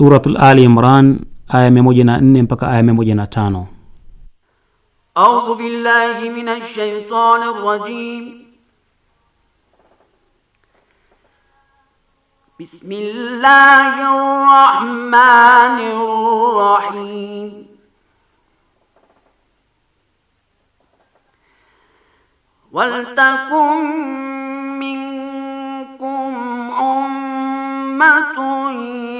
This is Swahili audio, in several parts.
Suratul Ali Imran aya 104 mpaka aya 105. A'udhu billahi minash shaitanir rajim. Bismillahir rahmanir rahim. Waltakum minkum ummatun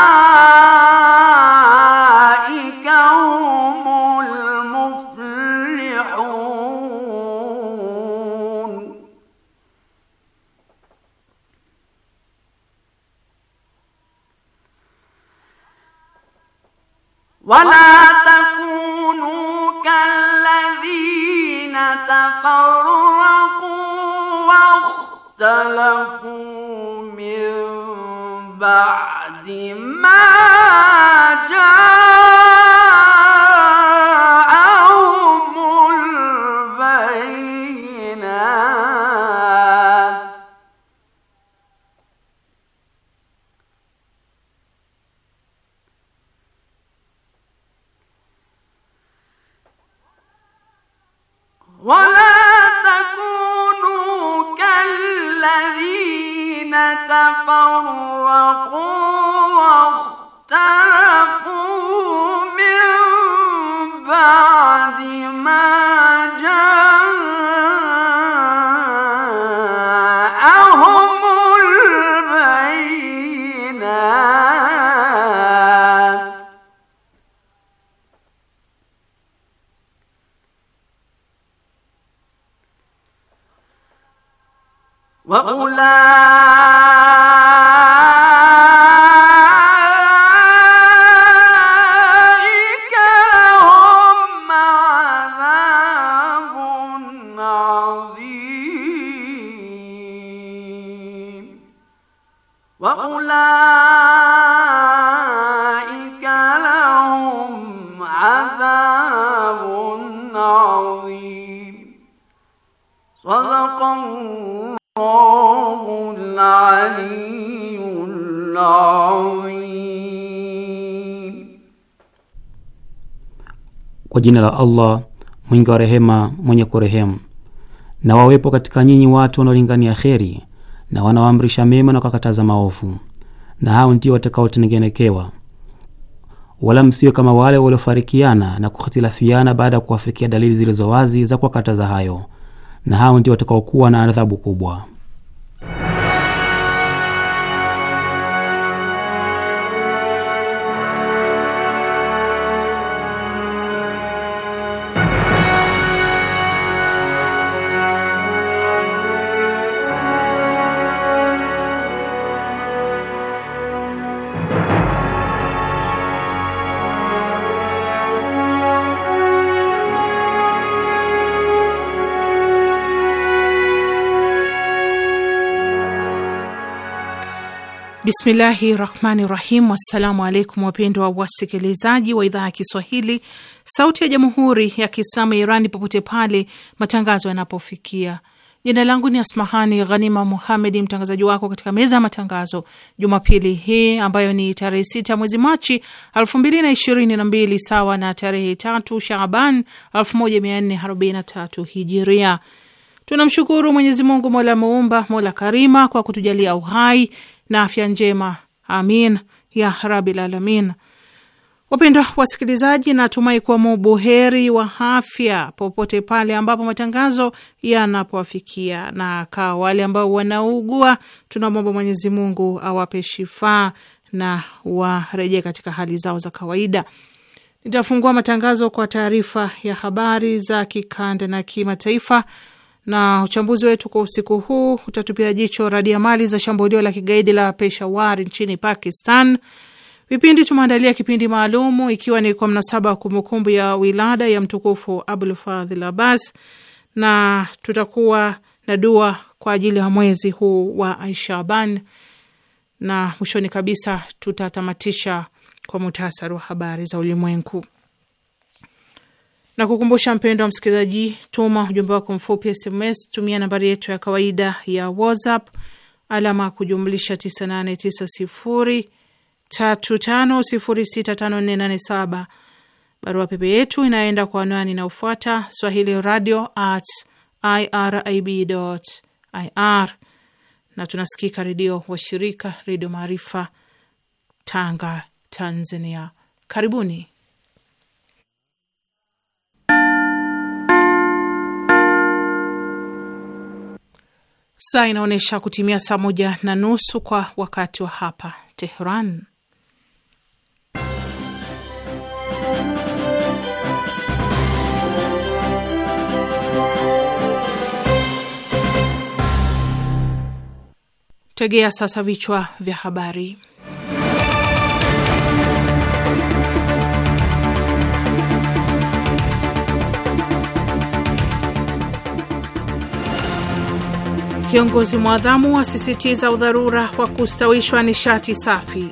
Kwa jina la Allah mwingi wa rehema mwenye kurehemu. Na wawepo katika nyinyi watu wanaolingania kheri na wanaoamrisha mema na kukataza maovu, na hao ndio watakaotengenekewa. Wala msiwe kama wale waliofarikiana na kuhitilafiana baada ya kuwafikia dalili zilizo wazi za kuwakataza hayo, na hao ndio watakaokuwa na adhabu kubwa. Bismillahi rahmani rahim. Wassalamu alaikum wapendwa wasikilizaji wa idhaa ya Kiswahili sauti ya jamhuri ya kiislamu ya Irani popote pale matangazo yanapofikia. Jina langu ni Asmahani Ghanima Muhamedi, mtangazaji wako katika meza ya matangazo Jumapili hii ambayo ni tarehe sita mwezi Machi elfu mbili na ishirini na mbili sawa na tarehe tatu Shaaban elfu moja mia nne arobaini na tatu hijiria. Tunamshukuru Mwenyezi Mungu mola muumba mola karima kwa kutujalia uhai na afya njema, amin ya rabil alamin. Wapendwa wasikilizaji, natumai kuwa mubuheri wa afya popote pale ambapo matangazo yanapowafikia, na ka wale ambao wanaugua, tunamwomba Mwenyezi Mungu awape shifaa na warejee katika hali zao za kawaida. Nitafungua matangazo kwa taarifa ya habari za kikanda na kimataifa na uchambuzi wetu kwa usiku huu utatupia jicho radia mali za shambulio la kigaidi la Peshawar nchini Pakistan. Vipindi tumeandalia kipindi maalumu ikiwa ni kwa mnasaba wa kumbukumbu ya wilada ya mtukufu Abul Fadhil Abbas, na tutakuwa na dua kwa ajili ya mwezi huu wa Aishaban, na mwishoni kabisa tutatamatisha kwa muhtasari wa habari za ulimwengu na kukumbusha mpendo wa msikilizaji, tuma ujumbe wako mfupi SMS, tumia nambari yetu ya kawaida ya WhatsApp alama kujumlisha 989035065487. Barua pepe yetu inaenda kwa anwani inayofuata swahili radio at irib ir, na tunasikika redio washirika, Redio Maarifa Tanga, Tanzania. Karibuni. Saa inaonyesha kutimia saa moja na nusu kwa wakati wa hapa Tehran. Tegea sasa vichwa vya habari. Kiongozi mwadhamu asisitiza udharura wa kustawishwa nishati safi.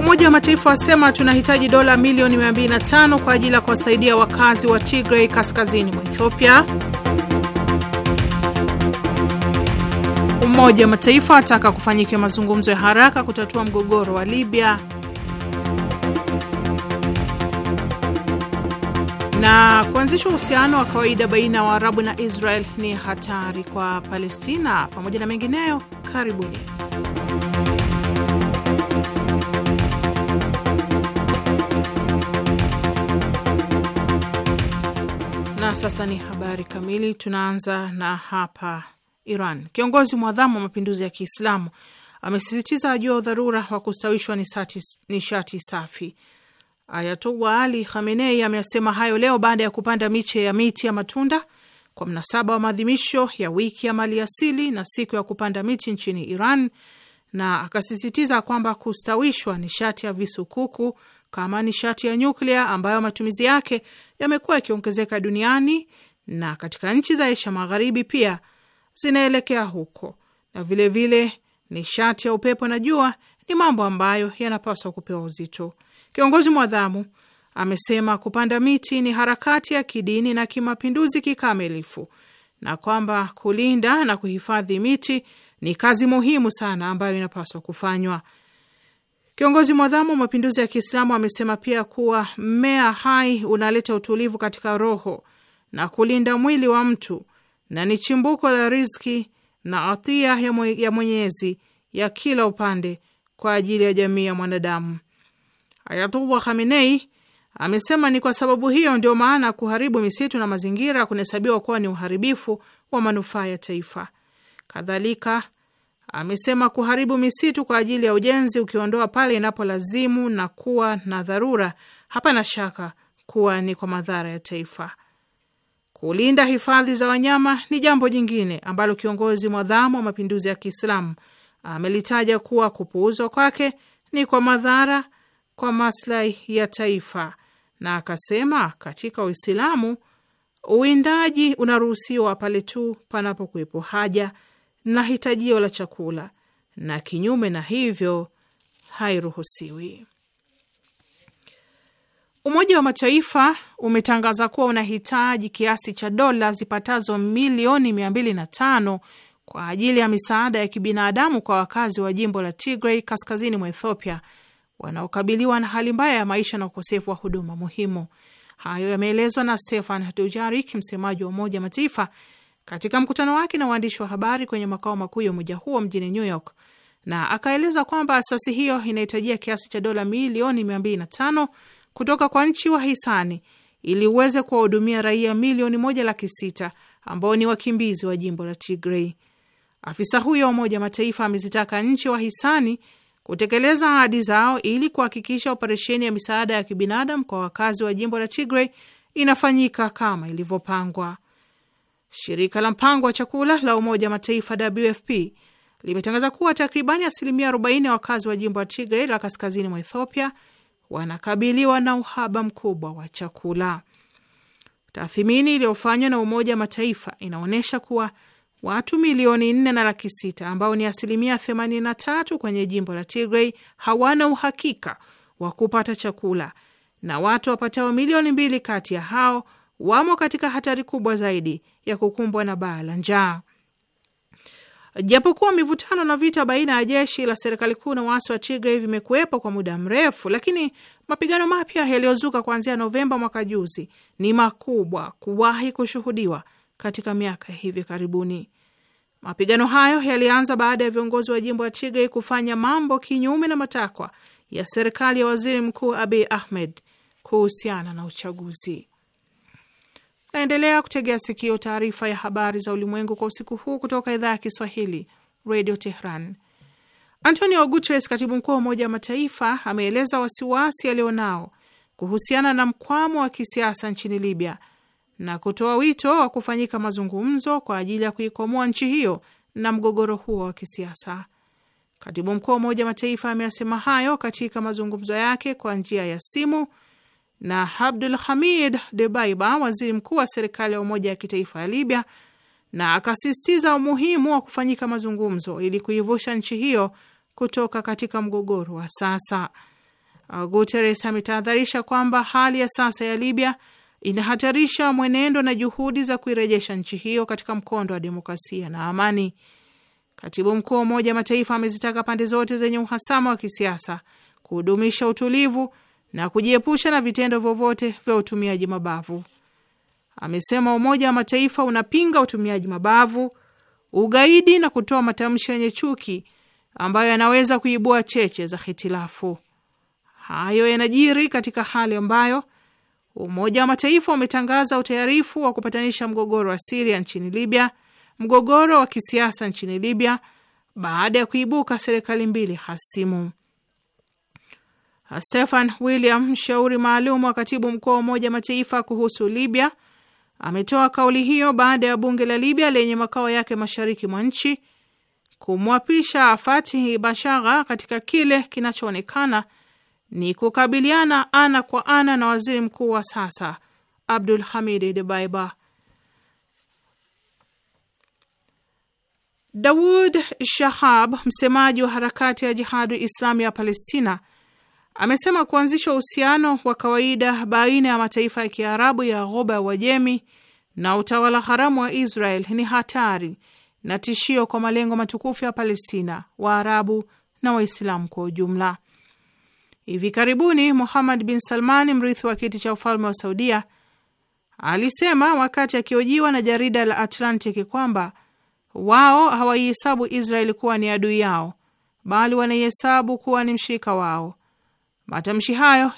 Umoja wa Mataifa wasema tunahitaji dola milioni 205 kwa ajili ya kuwasaidia wakazi wa Tigray kaskazini mwa Ethiopia. Umoja wa Mataifa wataka kufanyika mazungumzo ya haraka kutatua mgogoro wa Libya. na kuanzisha uhusiano wa kawaida baina ya Waarabu na Israel ni hatari kwa Palestina, pamoja na mengineyo. Karibuni. Na sasa ni habari kamili. Tunaanza na hapa Iran. Kiongozi mwadhamu wa mapinduzi ya Kiislamu amesisitiza juu ya udharura wa kustawishwa nishati safi Ayatullah Ali Khamenei amesema hayo leo baada ya kupanda miche ya miti ya matunda kwa mnasaba wa maadhimisho ya wiki ya mali asili na siku ya kupanda miti nchini Iran, na akasisitiza kwamba kustawishwa nishati ya visukuku kama nishati ya nyuklia ambayo matumizi yake yamekuwa yakiongezeka duniani na katika nchi za Asia Magharibi pia zinaelekea huko, na vilevile vile, nishati ya upepo na jua ni mambo ambayo yanapaswa kupewa uzito. Kiongozi mwadhamu amesema kupanda miti ni harakati ya kidini na kimapinduzi kikamilifu na kwamba kulinda na kuhifadhi miti ni kazi muhimu sana ambayo inapaswa kufanywa. Kiongozi mwadhamu wa mapinduzi ya Kiislamu amesema pia kuwa mmea hai unaleta utulivu katika roho na kulinda mwili wa mtu na ni chimbuko la riziki na atia ya Mwenyezi ya kila upande kwa ajili ya jamii ya mwanadamu. Ayatullah Khamenei amesema ni kwa sababu hiyo ndio maana kuharibu misitu na mazingira kunahesabiwa kuwa ni uharibifu wa manufaa ya taifa. Kadhalika amesema kuharibu misitu kwa ajili ya ujenzi, ukiondoa pale inapolazimu na kuwa na dharura, hapana shaka kuwa ni kwa madhara ya taifa. Kulinda hifadhi za wanyama ni jambo jingine ambalo kiongozi mwadhamu wa mapinduzi ya Kiislamu amelitaja kuwa kupuuzwa kwake ni kwa madhara kwa maslahi ya taifa, na akasema katika Uislamu uwindaji unaruhusiwa pale tu panapokuwepo haja na hitajio la chakula, na kinyume na hivyo hairuhusiwi. Umoja wa Mataifa umetangaza kuwa unahitaji kiasi cha dola zipatazo milioni tano kwa ajili ya misaada ya kibinadamu kwa wakazi wa jimbo la Tigray kaskazini mwa Ethiopia wanaokabiliwa na hali mbaya ya maisha na ukosefu wa huduma muhimu. Hayo yameelezwa na Stefan Dujarik, msemaji wa Umoja Mataifa, katika mkutano wake na waandishi wa habari kwenye makao makuu ya umoja huo mjini New York, na akaeleza kwamba asasi hiyo inahitajia kiasi cha dola milioni 205 kutoka kwa nchi wahisani ili uweze kuwahudumia raia milioni moja laki sita ambao ni wakimbizi wa jimbo la Tigrei. Afisa huyo wa Umoja Mataifa amezitaka nchi hisani kutekeleza ahadi zao ili kuhakikisha operesheni ya misaada ya kibinadamu kwa wakazi wa jimbo la Tigray inafanyika kama ilivyopangwa. Shirika la mpango wa chakula la Umoja Mataifa WFP limetangaza kuwa takribani asilimia 40 ya wakazi wa jimbo la Tigray la kaskazini mwa Ethiopia wanakabiliwa na uhaba mkubwa wa chakula. Tathmini iliyofanywa na Umoja Mataifa inaonyesha kuwa Watu milioni nne na laki sita ambao ni asilimia tatu kwenye jimbo la Tigray hawana uhakika wa kupata chakula na watu wapatao milioni mbili kati ya hao wamo katika hatari kubwa zaidi ya kukumbwa na baa la njaa. Japokuwa mivutano na vita baina ya jeshi la serikali kuu na waasi wa Tigray vimekuwepo kwa muda mrefu, lakini mapigano mapya yaliyozuka kuanzia Novemba mwaka juzi ni makubwa kuwahi kushuhudiwa katika miaka hivi karibuni. Mapigano hayo yalianza baada ya viongozi wa jimbo la Tigray kufanya mambo kinyume na matakwa ya serikali ya waziri mkuu Abiy Ahmed kuhusiana na uchaguzi. Naendelea kutegea sikio taarifa ya habari za ulimwengu kwa usiku huu kutoka idhaa ya Kiswahili, Radio Tehran. Antonio Guterres, katibu mkuu wa Umoja wa Mataifa, ameeleza wasiwasi alionao kuhusiana na mkwamo wa kisiasa nchini Libya na kutoa wito wa kufanyika mazungumzo kwa ajili ya kuikomoa nchi hiyo na mgogoro huo wa kisiasa. Katibu mkuu wa Umoja Mataifa ameyasema hayo katika mazungumzo yake kwa njia ya simu na Abdul Hamid Debaiba, waziri mkuu wa serikali ya umoja ya kitaifa ya Libya, na akasisitiza umuhimu wa kufanyika mazungumzo ili kuivusha nchi hiyo kutoka katika mgogoro wa sasa. Guteres ametahadharisha kwamba hali ya sasa ya Libya inahatarisha mwenendo na juhudi za kuirejesha nchi hiyo katika mkondo wa demokrasia na amani. Katibu mkuu wa Umoja wa Mataifa amezitaka pande zote zenye uhasama wa kisiasa kudumisha utulivu na kujiepusha na vitendo vyovyote vya utumiaji mabavu. Amesema Umoja wa Mataifa unapinga utumiaji mabavu, ugaidi na kutoa matamshi yenye chuki ambayo yanaweza kuibua cheche za hitilafu. Hayo yanajiri katika hali ambayo Umoja wa Mataifa umetangaza utayarifu wa kupatanisha mgogoro wa Siria nchini Libya, mgogoro wa kisiasa nchini Libya baada ya kuibuka serikali mbili hasimu. Stefan William, mshauri maalum wa katibu mkuu wa Umoja Mataifa kuhusu Libya, ametoa kauli hiyo baada ya bunge la Libya lenye makao yake mashariki mwa nchi kumwapisha Fatihi Bashagha katika kile kinachoonekana ni kukabiliana ana kwa ana na waziri mkuu wa sasa Abdul Hamid Dibaiba. Dawud Shahab, msemaji wa harakati ya Jihadu Islami ya Palestina, amesema kuanzishwa uhusiano wa kawaida baina ya mataifa ya Kiarabu ya Ghuba ya Uajemi na utawala haramu wa Israel ni hatari na tishio kwa malengo matukufu ya Palestina, Waarabu na Waislamu kwa ujumla. Hivi karibuni Muhammad bin Salman, mrithi wa kiti cha ufalme wa Saudia, alisema wakati akiojiwa na jarida la Atlantic kwamba wao hawaihesabu Israeli kuwa ni adui yao, bali wanaihesabu kuwa ni mshirika wao. Matamshi hayo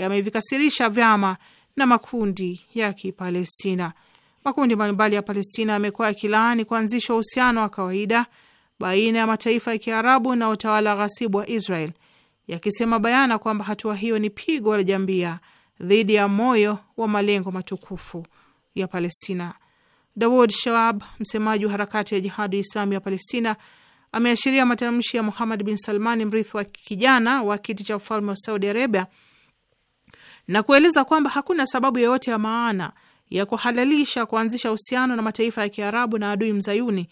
yamevikasirisha vyama na makundi ya Kipalestina. Makundi mbalimbali ya Palestina yamekuwa yakilaani kuanzishwa uhusiano wa kawaida baina ya mataifa ya Kiarabu na utawala ghasibu wa Israel yakisema bayana kwamba hatua hiyo ni pigo la jambia dhidi ya moyo wa malengo matukufu ya Palestina. Dawud Shawab, msemaji wa harakati ya Jihadi Islami ya Palestina, ameashiria matamshi ya Muhamad bin Salmani, mrithi wa kijana wa kiti cha ufalme wa Saudi Arabia, na kueleza kwamba hakuna sababu yoyote ya maana ya kuhalalisha kuanzisha uhusiano na mataifa ya Kiarabu na adui mzayuni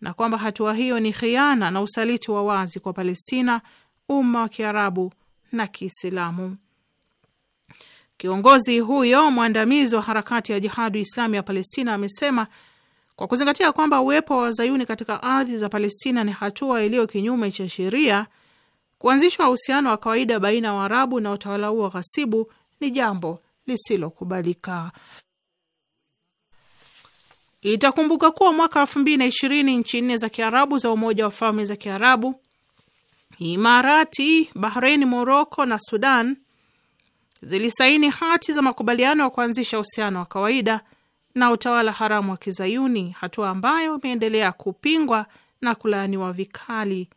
na kwamba hatua hiyo ni khiana na usaliti wa wazi kwa Palestina umma wa Kiarabu na Kiislamu. Kiongozi huyo mwandamizi wa harakati ya Jihadu Islami ya Palestina amesema kwa kuzingatia kwamba uwepo wa wazayuni katika ardhi za Palestina ni hatua iliyo kinyume cha sheria, kuanzishwa uhusiano wa kawaida baina ya Waarabu na utawala huo wa ghasibu ni jambo lisilokubalika. Itakumbuka kuwa mwaka elfu mbili na ishirini nchi nne za Kiarabu za Umoja wa Falme za Kiarabu Imarati, Bahrein, Moroko na Sudan zilisaini hati za makubaliano ya kuanzisha uhusiano wa kawaida na utawala haramu wa Kizayuni, hatua ambayo imeendelea kupingwa na kulaaniwa vikali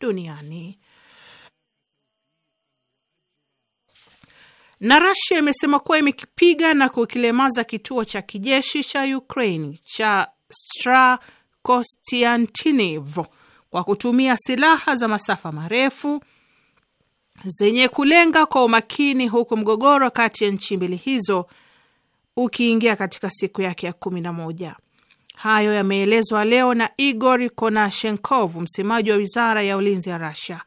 duniani. Na Rasia imesema kuwa imekipiga na kukilemaza kituo cha kijeshi cha Ukraine cha Strakostiantinevo kwa kutumia silaha za masafa marefu zenye kulenga kwa umakini, huku mgogoro kati ya nchi mbili hizo ukiingia katika siku yake ya kumi na moja. Hayo yameelezwa leo na Igor Konashenkov, msemaji wa wizara ya ulinzi ya Rasia.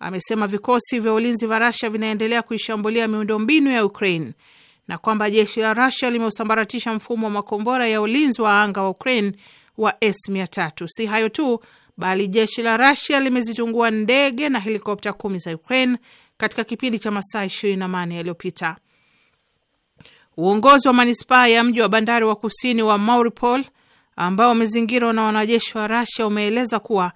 Amesema vikosi vya ulinzi vya Rasia vinaendelea kuishambulia miundombinu ya Ukraine na kwamba jeshi la Rasia limeusambaratisha mfumo wa makombora ya ulinzi wa anga wa Ukraine wa S300. Si hayo tu, bali jeshi la Rasia limezitungua ndege na helikopta kumi za Ukraine katika kipindi cha masaa ishirini na mane yaliyopita. Uongozi wa manispaa ya mji wa bandari wa kusini wa Mariupol ambao umezingirwa na wanajeshi wa Rasia umeeleza kuwa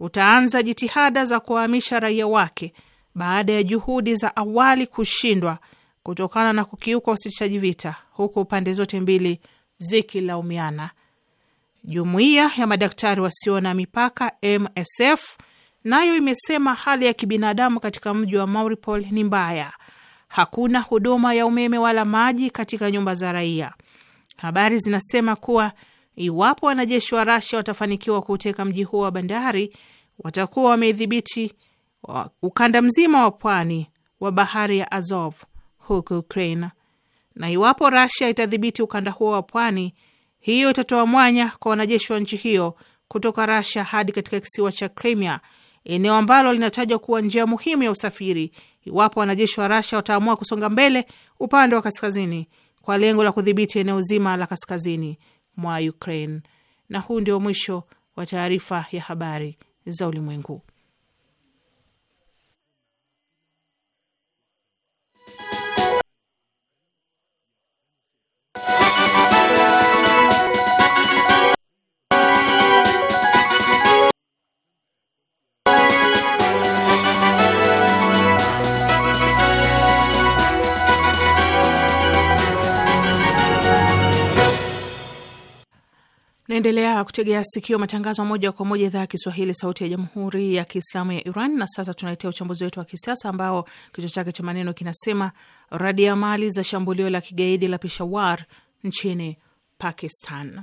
utaanza jitihada za kuwahamisha raia wake baada ya juhudi za awali kushindwa kutokana na kukiuka usitishaji vita, huku pande zote mbili zikilaumiana. Jumuiya ya madaktari wasio na mipaka MSF nayo imesema hali ya kibinadamu katika mji wa Mariupol ni mbaya. Hakuna huduma ya umeme wala maji katika nyumba za raia. Habari zinasema kuwa iwapo wanajeshi wa Rasia watafanikiwa kuuteka mji huo wa bandari, watakuwa wameidhibiti ukanda mzima wa pwani wa bahari ya Azov huko ukrain na iwapo Rasia itadhibiti ukanda huo wa pwani hiyo itatoa mwanya kwa wanajeshi wa nchi hiyo kutoka Rasia hadi katika kisiwa cha Crimea, eneo ambalo linatajwa kuwa njia muhimu ya usafiri, iwapo wanajeshi wa Rasia wataamua kusonga mbele upande wa kaskazini kwa lengo la kudhibiti eneo zima la kaskazini mwa Ukraine. Na huu ndio mwisho wa taarifa ya habari za ulimwengu. Naendelea kutegea sikio matangazo moja kwa moja idhaa ya Kiswahili, sauti ya jamhuri ya kiislamu ya Iran. Na sasa tunaletea uchambuzi wetu wa kisiasa ambao kichwa chake cha maneno kinasema radi ya mali za shambulio la kigaidi la Peshawar nchini Pakistan.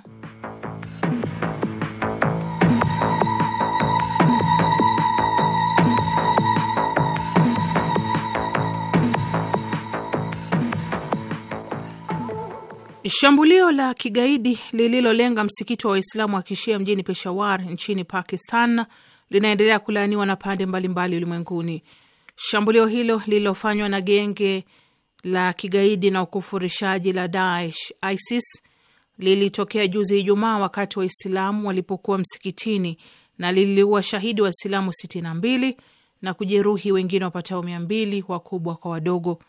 Shambulio la kigaidi lililolenga msikiti wa Waislamu wa kishia mjini Peshawar nchini Pakistan linaendelea kulaaniwa na pande mbalimbali ulimwenguni. Shambulio hilo lililofanywa na genge la kigaidi na ukufurishaji la Daesh ISIS lilitokea juzi Ijumaa wakati Waislamu walipokuwa msikitini na liliua shahidi Waislamu 62 na kujeruhi wengine wapatao 200 wakubwa kwa wadogo.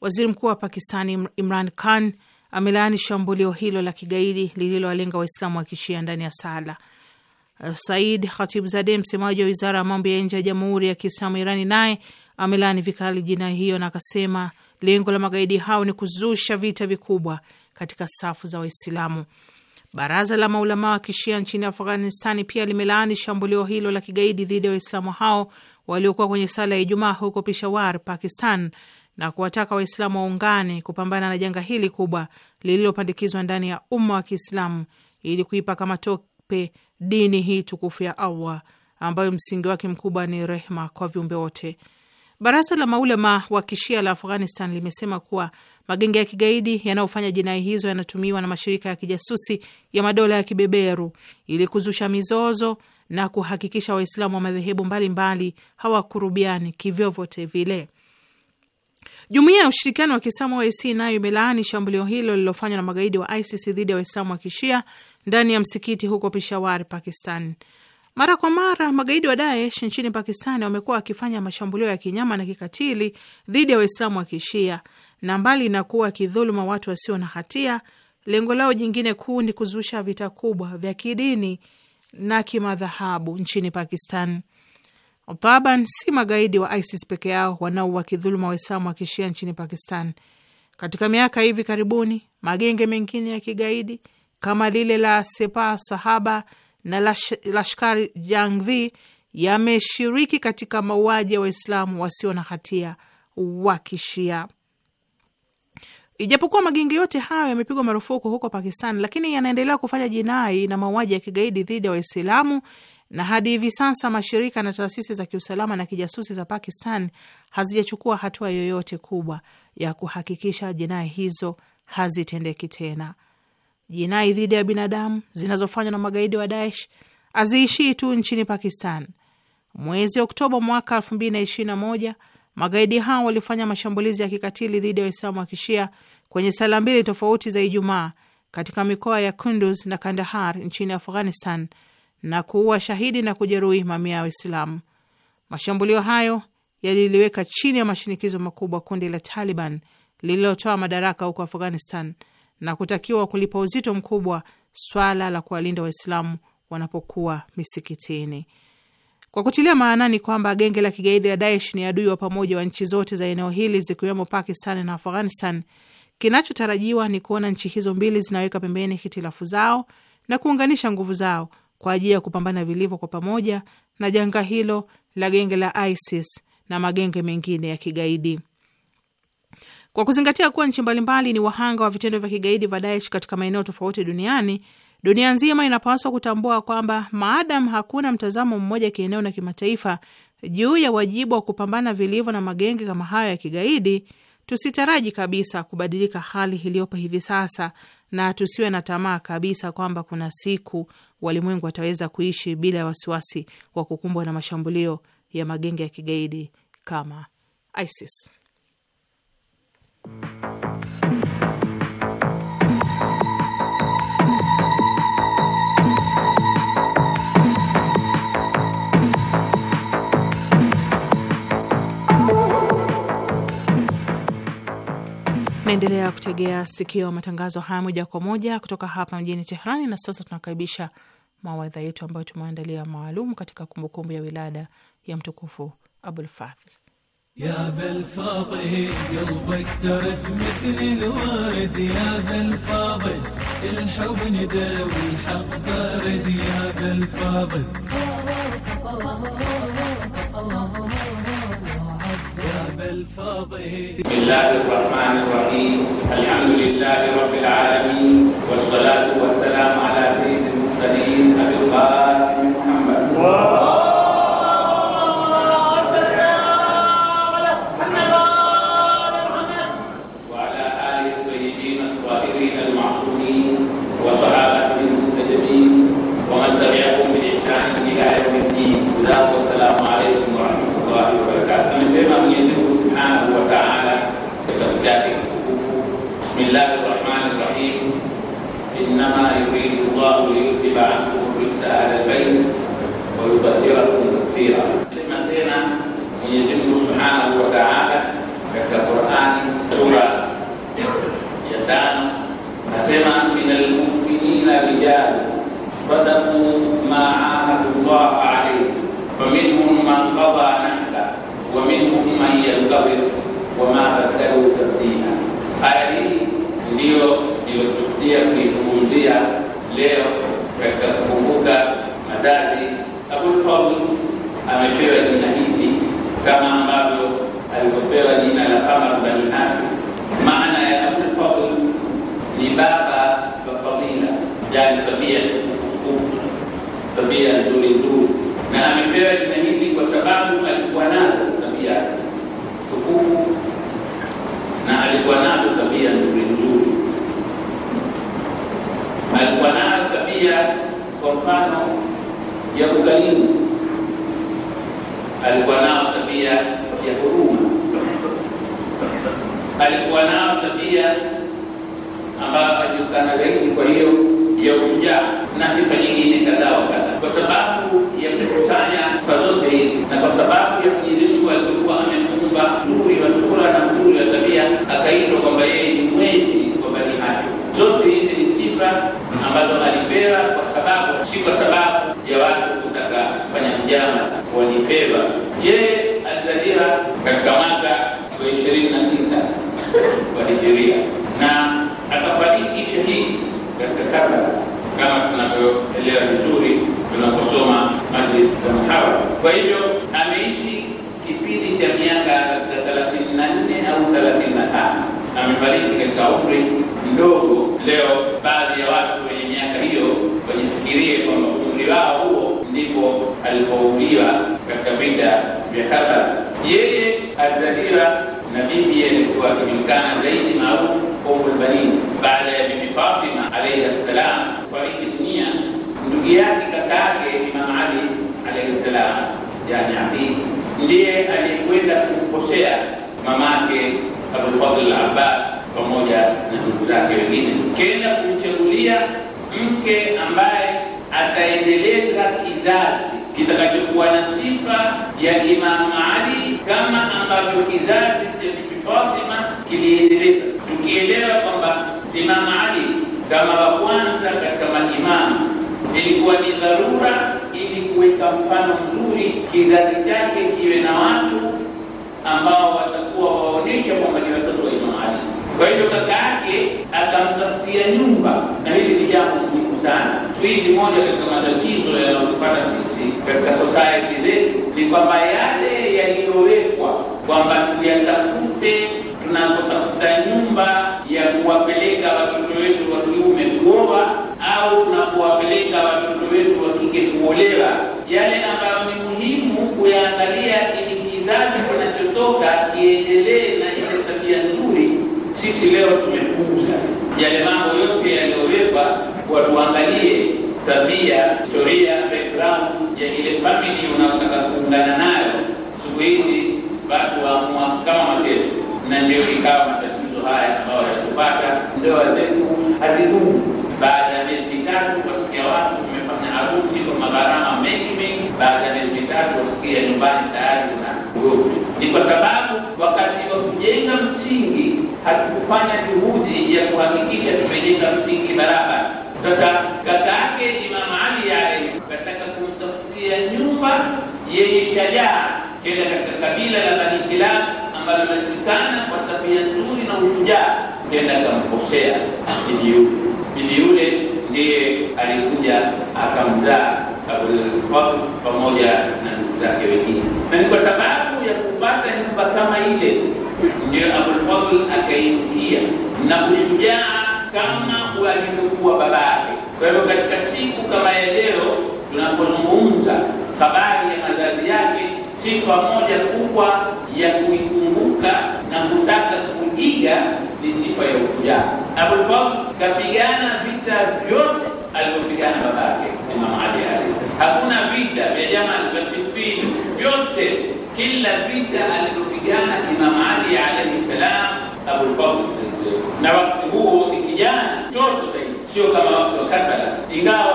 Waziri Mkuu wa Pakistani Imran Khan amelaani shambulio hilo la kigaidi lililowalenga Waislamu wa kishia ndani ya sala. Eh, Said Khatibzadeh, msemaji wa wizara ya mambo ya nje ya Jamhuri ya Kiislamu Irani, naye amelaani vikali jinai hiyo na akasema lengo la magaidi hao ni kuzusha vita vikubwa katika safu za Waislamu. Baraza la maulamaa wa kishia nchini Afghanistani pia limelaani shambulio hilo la kigaidi dhidi ya Waislamu hao waliokuwa kwenye sala ya Ijumaa huko Peshawar, Pakistan, na kuwataka Waislamu waungane kupambana na janga hili kubwa lililopandikizwa ndani ya umma wa Kiislamu ili kuipa kama tope dini hii tukufu ya Allah ambayo msingi wake mkubwa ni rehma kwa viumbe wote. Baraza la maulama wa kishia la Afghanistan limesema kuwa magenge ya kigaidi yanayofanya jinai hizo yanatumiwa na mashirika ya kijasusi ya madola ya kibeberu ili kuzusha mizozo na kuhakikisha Waislamu wa madhehebu mbalimbali hawakurubiani kivyovyote vile. Jumuiya ya ushirikiano wa Kiislamu OIC nayo imelaani shambulio hilo lililofanywa na magaidi wa ISIS dhidi ya Waislamu wa Kishia ndani ya msikiti huko Peshawar, Pakistan. Mara kwa mara magaidi wa Daesh nchini pakistan wamekuwa wakifanya mashambulio ya kinyama na kikatili dhidi ya Waislamu wa Kishia, na mbali na kuwa wakidhuluma watu wasio na hatia, lengo lao jingine kuu ni kuzusha vita kubwa vya kidini na kimadhahabu nchini Pakistan. Taban si magaidi wa ISIS peke yao wakidhuluma Waislamu wa kishia nchini Pakistan. Katika miaka hivi karibuni, magenge mengine ya kigaidi kama lile la Sepa Sahaba na Lashkari Jangvi yameshiriki katika mauaji ya Waislamu wasio na hatia wa kishia. Ijapokuwa magenge yote hayo yamepigwa marufuku huko Pakistan, lakini yanaendelea kufanya jinai na mauaji ya kigaidi dhidi ya Waislamu na hadi hivi sasa mashirika na taasisi za kiusalama na kijasusi za Pakistan hazijachukua hatua yoyote kubwa ya kuhakikisha jinai hizo hazitendeki tena. Jinai dhidi ya binadamu zinazofanywa na magaidi wa Daesh haziishii tu nchini Pakistan. Mwezi Oktoba mwaka 2021 magaidi hao walifanya mashambulizi ya kikatili dhidi ya Waislamu wa kishia kwenye sala mbili tofauti za Ijumaa katika mikoa ya Kunduz na Kandahar nchini Afghanistan na kuua shahidi na kujeruhi mamia ya Waislamu. Mashambulio hayo yaliliweka chini ya mashinikizo makubwa kundi la Taliban lililotoa madaraka huko Afghanistan na kutakiwa kulipa uzito mkubwa swala la kuwalinda Waislamu wanapokuwa misikitini, kwa kutilia maanani kwamba genge la kigaidi la Daesh ni adui wa pamoja wa nchi zote za eneo hili zikiwemo Pakistan na Afghanistan. Kinachotarajiwa ni kuona nchi hizo mbili zinaweka pembeni hitilafu zao na kuunganisha nguvu zao kwa ajili ya kupambana vilivyo kwa pamoja na janga hilo la genge la ISIS na magenge mengine ya kigaidi. Kwa kuzingatia kuwa nchi mbalimbali ni wahanga wa vitendo vya kigaidi vya Daesh katika maeneo tofauti duniani, dunia nzima inapaswa kutambua kwamba maadam hakuna mtazamo mmoja kieneo na kimataifa juu ya wajibu wa kupambana vilivyo na magenge kama hayo ya kigaidi, tusitaraji kabisa kubadilika hali iliyopo hivi sasa na tusiwe na tamaa kabisa kwamba kuna siku walimwengu wataweza kuishi bila ya wasiwasi wa kukumbwa na mashambulio ya magenge ya kigaidi kama ISIS. Naendelea kutegea sikio matangazo haya moja kwa moja kutoka hapa mjini Tehrani. Na sasa tunakaribisha mawaidha yetu ambayo tumeandalia maalum katika kumbukumbu ya wilada ya mtukufu Abulfadhl. ya الفضيل بسم الله الرحمن الرحيم الحمد لله رب العالمين والصلاة والسلام على سيد المرسلين أبي القاسم محمد إنما يريد الله ليذهب عنكم الرجس أهل البيت ويبذركم تطهيرا كلمة من يجب سبحانه وتعالى كالقرآن سورة يتعلم أسمع من المؤمنين رجال صدقوا ما عاهدوا الله عليه فمنهم من قضى yani Ali ndiye aliyekwenda kukosea mamake Abulfadl Abbas pamoja na ndugu zake wengine, kenda kumchagulia mke ambaye ataendeleza kizazi kitakachokuwa na sifa ya Imamu Ali kama ambavyo kizazi cha Bibi Fatima kiliendeleza, tukielewa kwamba Imamu Ali kama wa kwanza katika maimamu ilikuwa ni dharura kuweka mfano mzuri, kizazi chake kiwe na watu ambao watakuwa waonyesha kwamba ni watoto wa Imam Ali. Kwa hivyo kaka yake akamtafutia nyumba, na hili ni jambo muhimu sana. Siku hizi moja katika matatizo yanayotupata sisi katika sosaiti zetu ni kwamba yale yaliyowekwa kwamba tuyatafute tunapotafuta nyumba ya kuwapeleka watoto wetu wa kiume kuoa au na kuwapeleka watoto wetu wa ukikuolewa, yale ambayo ni muhimu kuyaangalia ili kizazi kinachotoka kiendelee na ile tabia nzuri. Sisi leo tumepuuza yale mambo yote yaliyowekwa, watuangalie tabia, historia, background ya ile famili unaotaka kuungana nayo. Siku hizi watu waamua kama matendo, na ndio ikawa matatizo haya ambayo yatupata. ndio wazetu hazidumu baada ya miezi mitatu, sikia watu maarufu kwa magharama mengi mengi, baada ya miezi mitatu wasikia nyumbani tayari na guru. Ni kwa sababu wakati wa kujenga msingi hatukufanya juhudi ya kuhakikisha tumejenga msingi barabara. Sasa kaka yake Imam Ali yale kataka kumtafutia nyumba yenye shajaa kenda katika kabila la Bani Kilab ambalo linajulikana kwa tabia nzuri na ushujaa, kenda akamkosea bibi yule ndiye alikuja akamzaa Abdulwahab pamoja na ndugu zake wengine, na ni kwa sababu ya kupata nyumba kama ile ndiyo Abulfadl akaingia na kushujaa kama walivyokuwa babake. Kwa hivyo katika siku kama ya leo tunapozungumza habari ya mazazi yake, sifa moja kubwa ya kuikumbuka na kutaka kuiga Ya. Abulfadl kapigana vita vyote alivyopigana babake Imam Ali alayhi. Hakuna vita vya jamaa alivyopigana vyote, kila vita alivyopigana Imam Ali alayhi salam Abu na wakati huo ni kijana mtoto kama wakati wa ingawa wa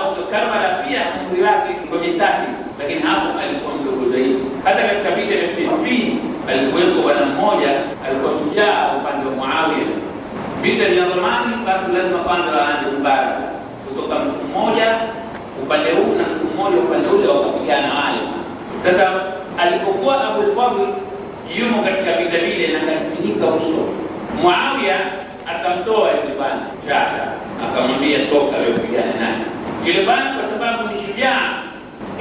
hapo alikuwa Hata katika vita alikuwa shujaa upande Vita vya zamani basi lazima kwanza waanze kubara kutoka mtu mmoja upande huu na mtu mmoja upande ule, wakapigana wale. Sasa alipokuwa Abul yumo katika vita vile na akafunika uso, Muawiya akamtoa yule bana Shasha, akamwambia toka, wewe pigane naye. Yule bana, kwa sababu ni shujaa,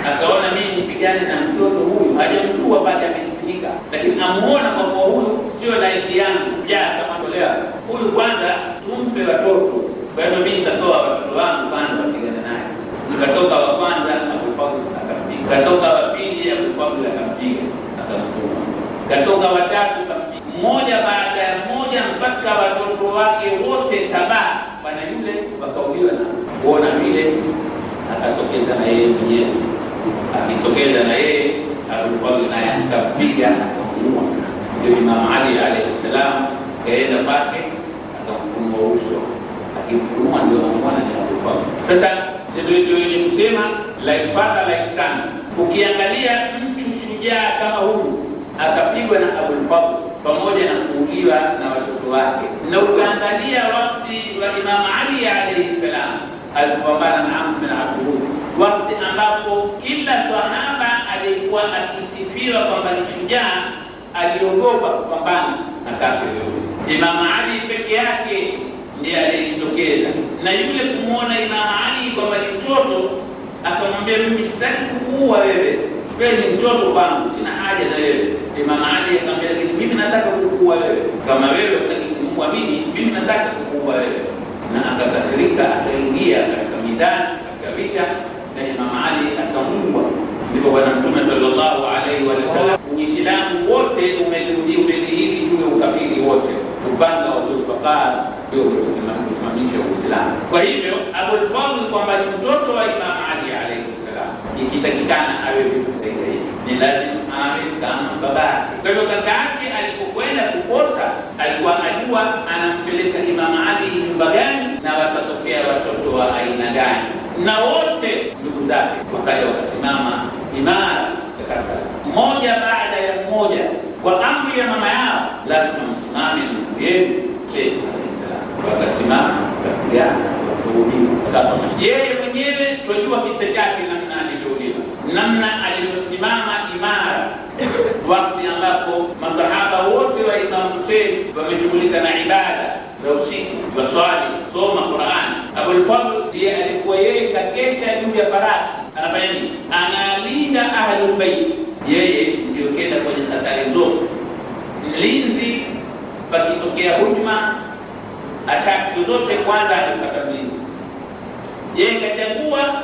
akaona mimi nipigane na mtoto huyu, hajamjua bado kufika, lakini namuona kwa kuwa huyu sio laiki yangu jaa kama tolea huyu, kwanza tumpe watoto. Kwa hiyo mimi nitatoa watoto wangu kwanza wapigana naye, nikatoka wa kwanza akufaulu akampiga, katoka wa pili akufaulu akampiga akamtuma, katoka watatu kampiga, mmoja baada ya mmoja mpaka watoto wake wote saba bana yule wakauliwa na kuona vile, akatokeza na yeye mwenyewe akitokeza na yeye alikuwa naye akampiga akamuua. Ndio Imam Ali alayhi salam kaenda pake akamfunua uso, akimfunua ndio anaona ni Abu Bakr. Sasa ndio ndio kusema like father like son. Ukiangalia mtu shujaa kama huyu akapigwa na Abu Bakr pamoja na kuuliwa na watoto wake, na ukaangalia wakati wa Imam Ali alayhi salam alipopambana na Amr bin Abdul, wakati ambapo kila sahaba alikuwa akisifiwa kwamba ni shujaa aliogopa kupambana na kafiri Imamu Ali peke yake ndiye aliyejitokeza, na yule kumwona Imamu Ali kwamba ni mtoto akamwambia, mimi sitaki kukuua wewe, wewe ni mtoto kwangu, sina haja na wewe. Imamu Ali akamwambia, mimi nataka kukuua wewe, kama wewe utaki kuniua mimi, mimi nataka kukuua wewe. Na akakasirika akaingia katika midani, katika vita, na Imamu Ali akamuua Ndipo Bwana Mtume sallallahu alaihi wasallam, Uislamu wote umedhihiri juu ya ukafiri wote, upanga wa Dhulfaqar ndio umesimamisha Uislamu. Kwa hivyo Abulfadhl kwamba ni mtoto wa Imam Ali alaihi salam, ikitakikana awe vitu ni lazim amri kama babake. Kwa hivyo kaka yake alipokwenda kukosa, alikuwa ajua anampeleka Imam Ali nyumba gani na watatokea watoto wa aina gani, na wote ndugu zake wakaja wakasimama imara mmoja baada ya mmoja, kwa amri ya mama yao, lazima msimame ndugu yenu Sheikh wakasimama kapigana yeye mwenyewe twajua kisa chake namna alivyoulima namna alivyosimama wakati ambapo masahaba wote wa Imam Hussein wameshughulika na ibada za usiku, waswali, soma Qurani. Abulfadl ndiye alikuwa yeye kakesha juu ya farasi, anafanya nini? Analinda Ahlulbeiti, yeye ndio kenda kwenye hatari zote, mlinzi. Pakitokea hujma ataki zote, kwanza alipata mlinzi. Yeye kachagua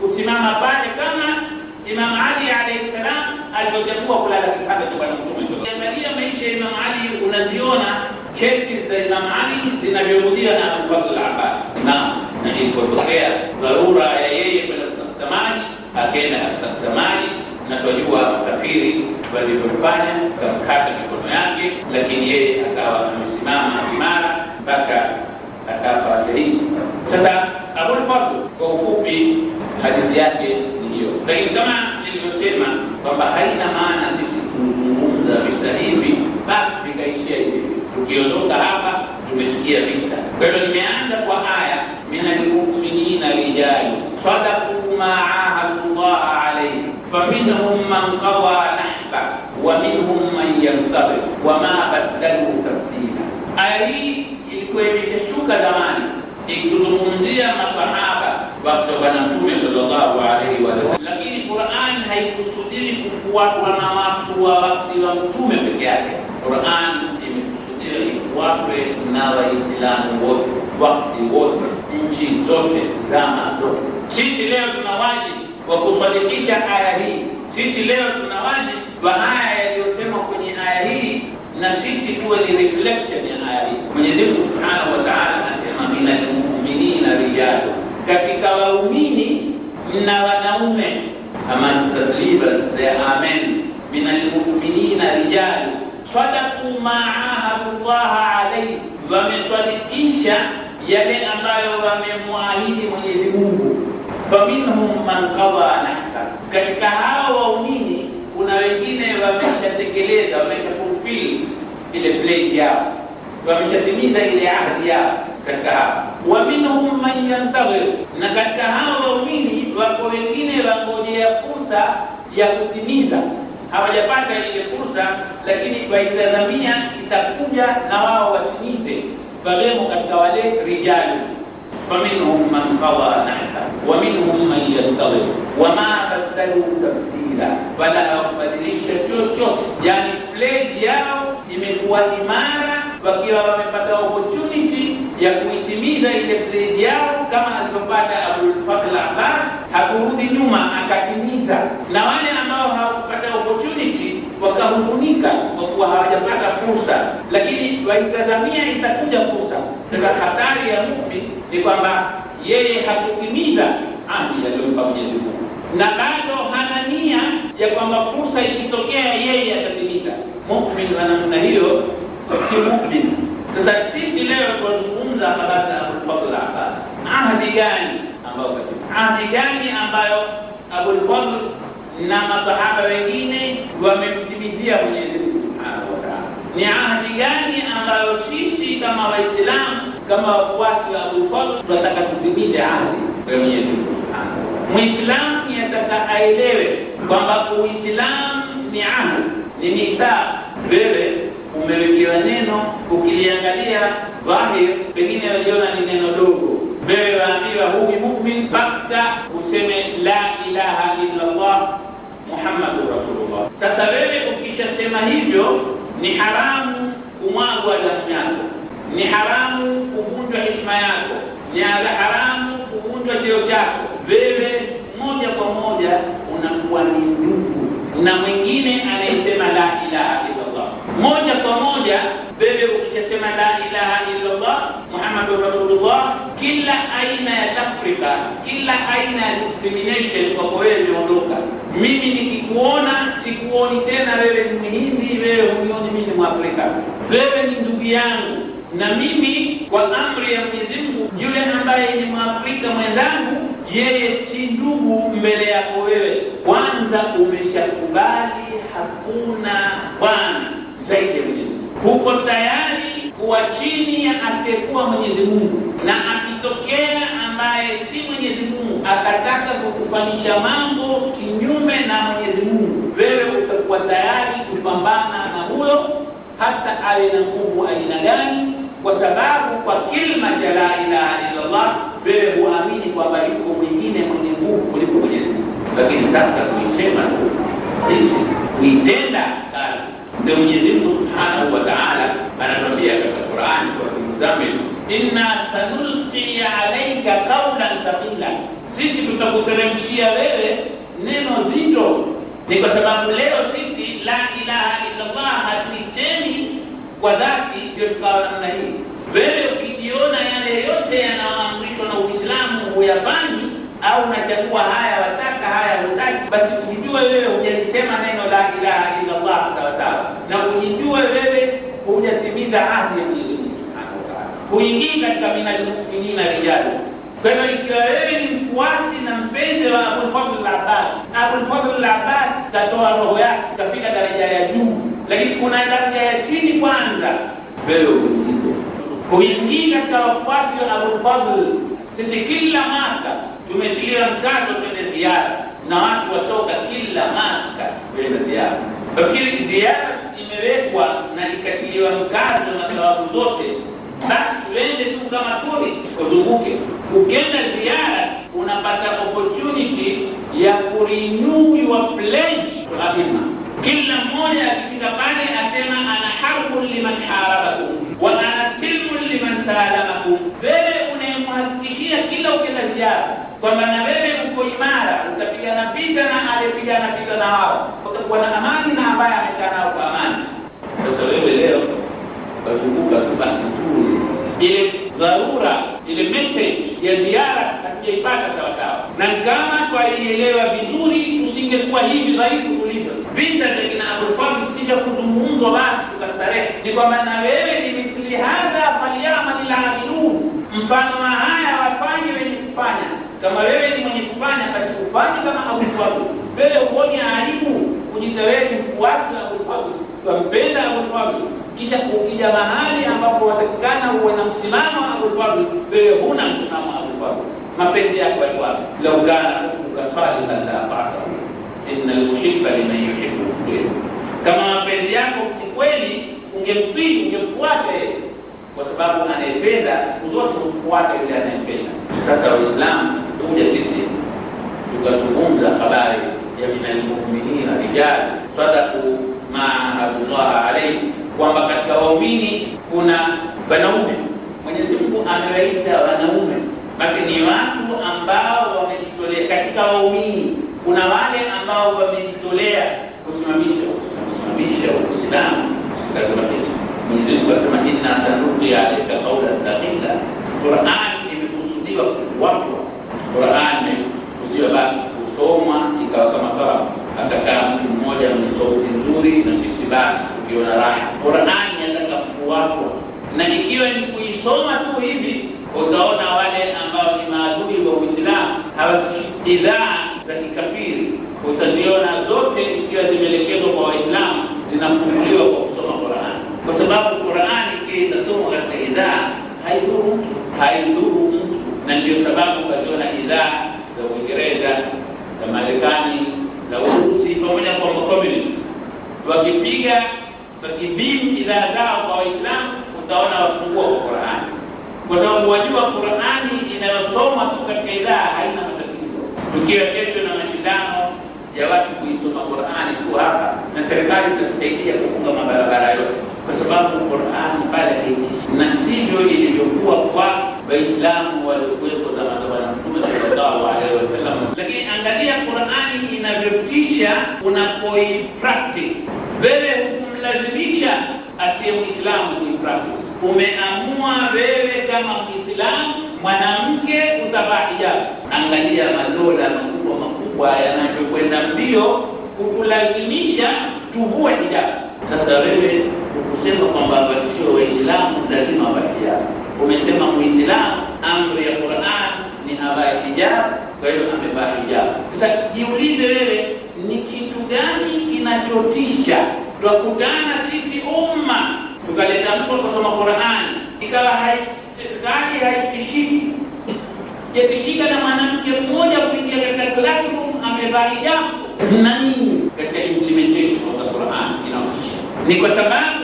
kusimama pale kama Imam Ali alayhi salam alipochagua kulala kitanda cha bwana mtume. Ukiangalia maisha ya Imam Ali unaziona kesi za Imam Ali zinavyorudia na Abu Bakr al-Abbas. Naam, na ilipotokea dharura ya yeye kwenda kutafuta maji, akaenda akatafuta maji na twajua kafiri walivyofanya, kamkata mikono yake, lakini yeye akawa amesimama imara mpaka akafa shahidi. Sasa Abul Fadhl kwa ufupi hadithi yake hiyo. Kwa hiyo kama nilivyosema kwamba haina maana sisi kuzungumza visa hivi basi vikaishia hivi, tukiondoka hapa tumesikia visa. Kwa hiyo nimeanza kwa aya minalmuminina rijali sadaku ma ahadu llaha alaihi faminhum man qawa nahba wa minhum man yantabir wama baddalu tabdila. Aya hii ilikuwa imeshashuka zamani ikizungumzia masahaba wakati wa Mtume sallallahu alaihi sallam. lakini Qur'an haikusudii kufuatwa na watu wa wakati wa Mtume peke yake. Qur'an imekusudia ifuatwe na Waislamu wote, wakati wote, nchi zote, zama zote. Sisi leo tuna wajibu wa kusadikisha aya hii. Sisi leo tuna wajibu wa aya yaliyosemwa kwenye aya hii, na sisi tuwe ni reflection ya aya hii. Mwenyezi Mungu subhanahu wa ta'ala anasema minal mu'minina rijal na wanaume ama tasliban amen min almuminina rijalu sadaku maahadu llaha alaihi, wamesadikisha yale ambayo wamemwahidi Mwenyezi Mungu. Faminhum man qada nahba, katika hao waumini kuna wengine wameshatekeleza, wameshafulfil ile pledge yao, wameshatimiza ile ahadi yao katika hawa wa minhum man yantadhiru, na katika hawa waumini wako wengine wangojea fursa ya kutimiza, hawajapata ile fursa, lakini waitazamia itakuja na wao watimize, wawemo katika wale rijalu. minhum man qada nahba wa minhum man yantadhiru ma badalu tabdila, wala hawakubadilisha chochote, yani pledge yao imekuwa imara, wakiwa wamepata opportunity ya kuitimiza ile pledge yao kama alivyopata Abulfadhl Abbas, hakurudi nyuma, akatimiza. Na wale ambao hawakupata opportunity wakahuzunika kwa kuwa hawajapata fursa, lakini waitazamia itakuja fursa. Sasa hatari ya mumin ni kwamba yeye hakutimiza ahadi aliyompa Mwenyezi Mungu, na bado hana nia ya kwamba fursa ikitokea yeye atatimiza. Mumin wa namna hiyo si mumin. Sasa sisi leo tunazungumza habari za Abulfadl Abbas, ahdi gani ambayo ahdi gani ambayo Abulfadl na masahaba wengine wamemtimizia Mwenyezi Mungu subhanahu wa taala, ni ahdi gani ambayo sisi kama Waislamu kama wafuasi wa Abulfadl tunataka tutumize ahdi kwa Mwenyezi Mungu subhanahu wa taala. Mwislamu yataka aelewe kwamba Uislamu ni ahdi, ni mitaa wewe umewekewa neno, ukiliangalia dhahir, pengine waliona ni neno dogo. Wewe waambiwa huyu mumin, basta useme la ilaha illallah muhammadu rasulullah. Sasa wewe ukishasema hivyo, ni haramu kumwagwa damu yako, ni haramu kuvunjwa heshima yako, ni haramu kuvunjwa cheo chako. Wewe moja kwa moja unakuwa ni ndugu na mwingine anayesema la ilaha moja kwa moja. Wewe ukishasema la ilaha illallah muhammadun rasulullah, kila aina ya tafrika, kila aina ya discrimination kwako wewe imeondoka. Mimi nikikuona sikuoni tena wewe ni Mhindi, wewe unioni mimi ni Mwafrika, wewe ni ndugu yangu na mimi kwa amri ya Mwenyezi Mungu, yule ambaye ni Mwafrika mwenzangu, yeye si ndugu mbele yako wewe. Kwanza umeshakubali hakuna bwana zaidi ya Mwenyezi Mungu, huko tayari kuwa chini ya asiyekuwa Mwenyezi Mungu, na akitokea ambaye si Mwenyezi Mungu akataka kukufanisha mambo kinyume na Mwenyezi Mungu, wewe utakuwa tayari kupambana na huyo hata awe na nguvu aina gani, kwa sababu kwa kilima cha la ilaha illallah wewe huamini kwamba yuko mwingine mwenye nguvu kuliko Mwenyezi Mungu. Lakini sasa kuisema hizi kuitenda kazi ndio Mwenyezi Mungu Subhanahu wa Ta'ala anatuambia katika Qur'ani kwa Muzammil, inna sanulqi alayka qawlan thaqila, sisi tutakuteremshia wewe neno zito. Ni kwa sababu leo sisi la ilaha illa Allah hatisemi kwa dhati, ndio tukawa namna hii. Wewe ukijiona yale yote yanayoamrishwa na Uislamu huyafanyi au unachagua haya wataka utaki, basi ujijue wewe hujalisema neno la ilaha illa Allah sawasawa, na ujijue wewe hujatimiza ahdi ya Mwenyezi Mungu subhanahu wa taala, huingii katika minal muminina rijalu. Kwa hivyo ikiwa wewe ni mfuasi na mpenzi wa Abulfadhl Abbas, Abulfadhl Abbas tatoa roho yake kafika daraja ya juu, lakini kuna daraja ya chini kwanza, wewe uingize huingii katika wafuasi wa Abulfadhl. Sisi kila mwaka tumetilia mkazo kwenye ziara na watu watoka kila Maka kwenda ziara. Lakini ziara imewekwa na ikatiliwa mkazo na sababu zote. Basi tuende tu kama tourist, kuzunguke. Ukienda ziara, unapata opportunity ya kurinyui wa pledge to Kila mmoja akifika pale asema ana harbun liman harabakum wa ana silmu liman salamakum kupitia kila ziara, kwa maana wewe uko imara, utapigana vita na alipigana vita na wao, utakuwa na amani na ambaye amekaa nao kwa amani. Sasa wewe leo wazunguka tu basi tu ile dharura ile message ya ziara hatujaipata sawasawa, na kama twaielewa vizuri tusingekuwa hivi dhaifu kulivyo. Vita vya kina Abulfadl si kuzungumzwa basi tukastarehe, ni kwamba na wewe ni mithili hadha falyamal amilun mfano wa haya wafanye wenye kufanya. Kama wewe ni mwenye kufanya, basi ufanye kama Abutwalibu. Wewe uone aibu kujita wewe na wa Abutwalibu, wampenda Abutwalibu, kisha ukija mahali ambapo watakikana uwe na msimamo wa Abutwalibu, wewe huna msimamo wa Abutwalibu. Mapenzi yako yalikuwa lau kana hubbuka sadiqan la ata'tahu, innal muhibba liman yuhibbu. Kama mapenzi yako ni kweli, ungemtii ungemfuata kwa sababu anayependa siku zote hufuata yule anayependa. Sasa Waislamu tukuja sisi tukazungumza habari ya minalmuminina rijali sadaku maahadullah alaihi, kwamba katika waumini kuna wanaume. Mwenyezi Mungu amewaita wanaume, basi ni watu ambao wamejitolea. Katika waumini kuna wale ambao wamejitolea kusimamisha kusimamisha Uislamu katika Mwenyezi Mungu anasema inna sanulqi alayka qawlan thaqila. Qur'an imekusudiwa kufuatwa, Qur'an imekusudiwa basi kusomwa ikawa kama kama hata kama mtu mmoja mwenye sauti nzuri na sisi basi ukiona raha. Qur'an inataka kufuatwa, na ikiwa ni kuisoma tu hivi utaona wale ambao ni maadui wa Uislamu hawati idhaa za kikafiri utaziona zote ikiwa zimeelekezwa kwa Waislamu zinafunguliwa kwa kwa sababu Qurani ikiwa itasomwa katika idhaa haidhuru mtu, haidhuru mtu, na ndio sababu ukaziona idhaa za Uingereza, za Marekani, za Urusi pamoja kwa Communist wakipiga wakibimu idhaa zao kwa Waislamu, utaona wafungua kwa Qurani kwa sababu wajua Qurani inayosomwa tu katika idhaa haina matatizo. Tukiwa kesho na mashindano ya watu kuisoma Qur'ani tu hapa, na serikali itatusaidia kufunga mabarabara yote, kwa sababu Qur'ani pale haitishi, na sivyo ilivyokuwa kwa Waislamu waliokuwepo zama za Mtume sallallahu alaihi wasallam. Lakini angalia Qur'ani inavyotisha unapoipractice wewe, hukumlazimisha asiye Muislamu kuipractice. Umeamua wewe kama Muislamu mwanamke utavaa hijabu. Angalia madola kwa yanavyokwenda mbio kutulazimisha tuvue hijabu. Sasa wewe ukusema kwamba wasio Waislamu lazima wajia, umesema Muislamu amri ya Qur'an ni avae hijabu, kwa hiyo amevaa hijabu. Sasa jiulize wewe, ni kitu gani kinachotisha? Twakutana sisi umma tukaleta mtu kusoma Qur'an ikawa haitishiki, yatishika na mwanamke mmoja kuingia katika klasi mbalimbali yako na nini katika implementation of the Quran inaotisha. Ni kwa sababu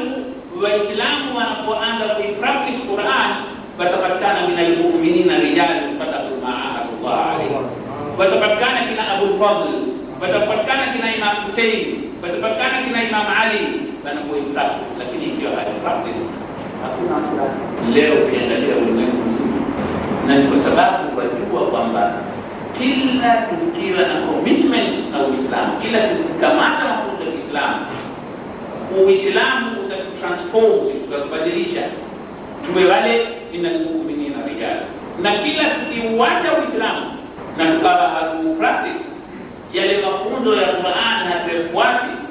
Waislamu wanapoanza kuipractice Quran watapatikana min almuminina rijali sadaqu maahadullah alaihi, watapatikana kina Abulfadl, watapatikana kina Imam Husein, watapatikana kina Imam Ali wanapoipractice, lakini ikiwa haipractice hakuna leo. Ukiangalia ulimwengu mzima, na ni kwa sababu wajua kwamba kila tukiwa na commitment na Uislamu, kila tukikamata mafunzo ya Uislamu, Uislamu utatutransform, utakubadilisha tuwe wale minal muminina rijala, na kila tukiuacha Uislamu na tukawa practice yale mafunzo ya Qur'an hatuyafuati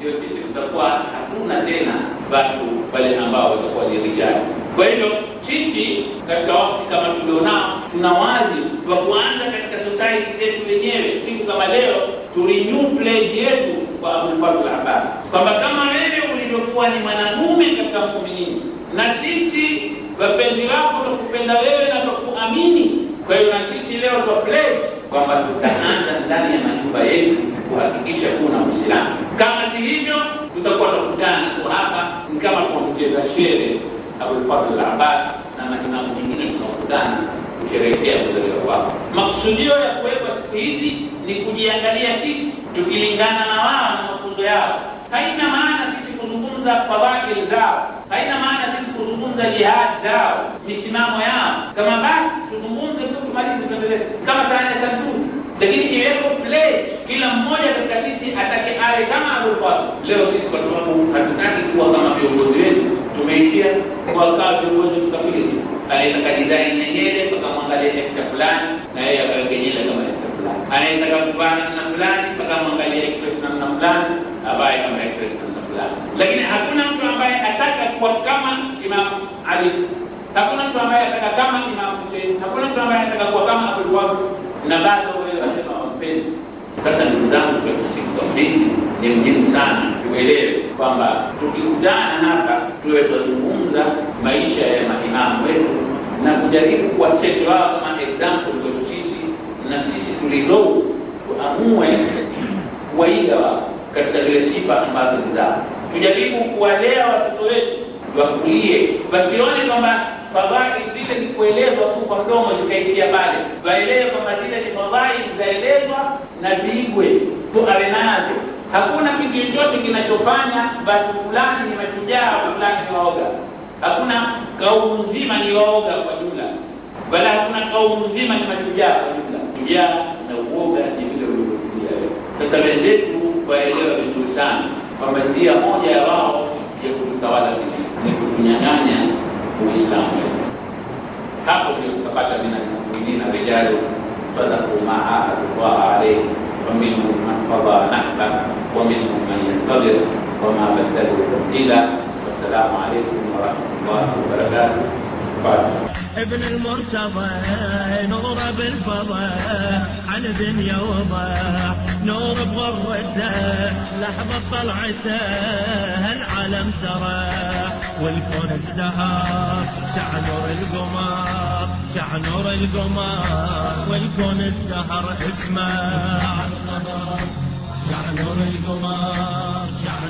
ndio sisi tutakuwa hatuna tena watu wale ambao watakuwa ni rijali. Kwa hivyo sisi katika wakati kama tulionao, tuna wazi wa kuanza katika society yetu wenyewe. Siku kama leo tulinyu pledge yetu kwa Abu Fadhl Abbas kwamba kama wewe ulivyokuwa ni mwanamume katika mkuminini na sisi wapenzi wako tukupenda wewe na tukuamini, Kwa hiyo na sisi leo twa pledge kwamba tutaanza ndani ya majumba yetu kuhakikisha kuna Uislamu. Kama si hivyo, tutakuwa tunakutana tu hapa ni kama kwa mcheza shere Abulfadhl Abbas na maimamu mengine tunakutana kusherehekea kuzaliwa kwao. Makusudio ya kuwekwa siku hizi ni kujiangalia sisi tukilingana na wao na mafunzo yao. Haina maana sisi kuzungumza fadhili zao, haina maana sisi kuzungumza jihadi zao, misimamo yao. Kama basi tuzungumze tumalize tuendelee kama tayari tatu, lakini iwepo pledge, kila mmoja katika sisi atake awe kama alivyokuwa leo. Sisi kwa sababu hatutaki kuwa kama viongozi wetu, tumeishia kwa kama viongozi tukapiga tu, anaweza design yenyewe tukamwangalia ekta fulani na yeye akaweke nyele kama ekta fulani, anaweza kufanya na fulani tukamwangalia express namna fulani ambaye kama express namna fulani, lakini hakuna mtu ambaye ataka kuwa kama Imam Ali Hakuna mtu ambaye anataka kama Imam Hussein, hakuna mtu ambaye anataka kuwa kama Abdul Wahab, na bado wewe unasema wapenzi. Sasa ndugu zangu, siutambizi ni muhimu sana tuelewe kwamba tukikutana hapa tuwe tunazungumza maisha ya maimamu wetu na kujaribu kuwaseti wao kama example kwetu sisi na sisi tulizou tuamue kuwaiga wao katika zile sifa ambazo ni zao. Tujaribu kuwalea watoto wetu wakulie, wasione kwamba fadhaili zile ni kuelezwa tu kwa mdomo zikaishia pale, waelewe kwamba zile ni fadhaili zaelezwa na ziigwe tu, awe nazo. Hakuna kitu chochote kinachofanya watu fulani ni mashujaa, fulani ni waoga. Hakuna kaumu nzima ni waoga kwa jumla, wala hakuna kaumu nzima ni mashujaa kwa jumla. Shujaa na uoga ni vile ulivyokulia leo. Sasa wenzetu waelewa vizuri sana kwamba njia moja ya wao ya kututawala sisi kunyang'anya Uislamu wetu. Hapo ndio tutapata mina muminina rijalu sadaku ma ahadu llaha alaihi wa minhum man fada nahba wa minhum man yantadir wa ma badalu tabdila. Wassalamu alaikum warahmatullahi wabarakatuh. ابن المرتضى نور بالفضى عن دنيا وضح نور بغرته لحظة طلعته العالم سرح والكون ازدهر شع نور القمر شع نور القمر والكون ازدهر اسمه شع نور القمر شع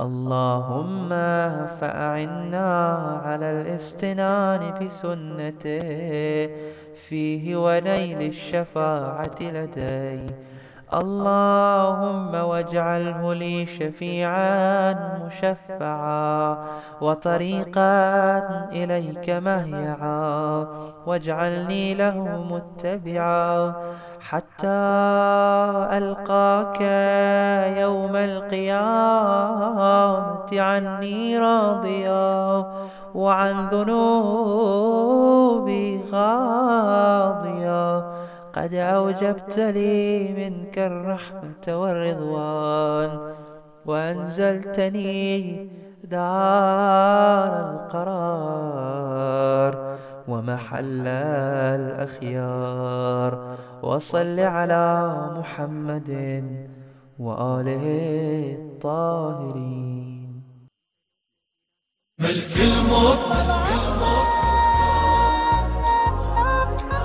اللهم فأعنا على الاستنان بسنته فيه ونيل الشفاعة لديه اللهم واجعله لي شفيعا مشفعا وطريقا إليك مهيعا واجعلني له متبعا حتى ألقاك يوم القيامة عني راضيا وعن ذنوبي خاضيا قد أوجبت لي منك الرحمة والرضوان وأنزلتني دار القرار ومحل الأخيار وصل على محمد وآله الطاهرين ملك الموت, ملك الموت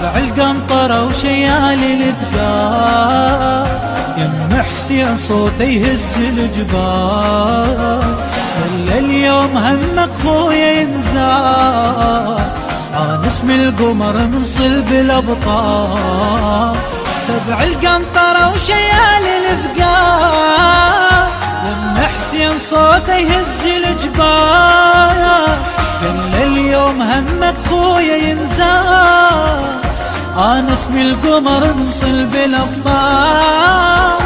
سبع القنطرة وشيال الاذكار يم حسين صوته يهز الجبال كل اليوم همك خويا ينزال عن اسم القمر من صلب الابطال سبع القنطرة وشيال الاذكار يم حسين صوته يهز الجبال كل اليوم همك خويا ينزال آنس بالقمر نصل بالأبطال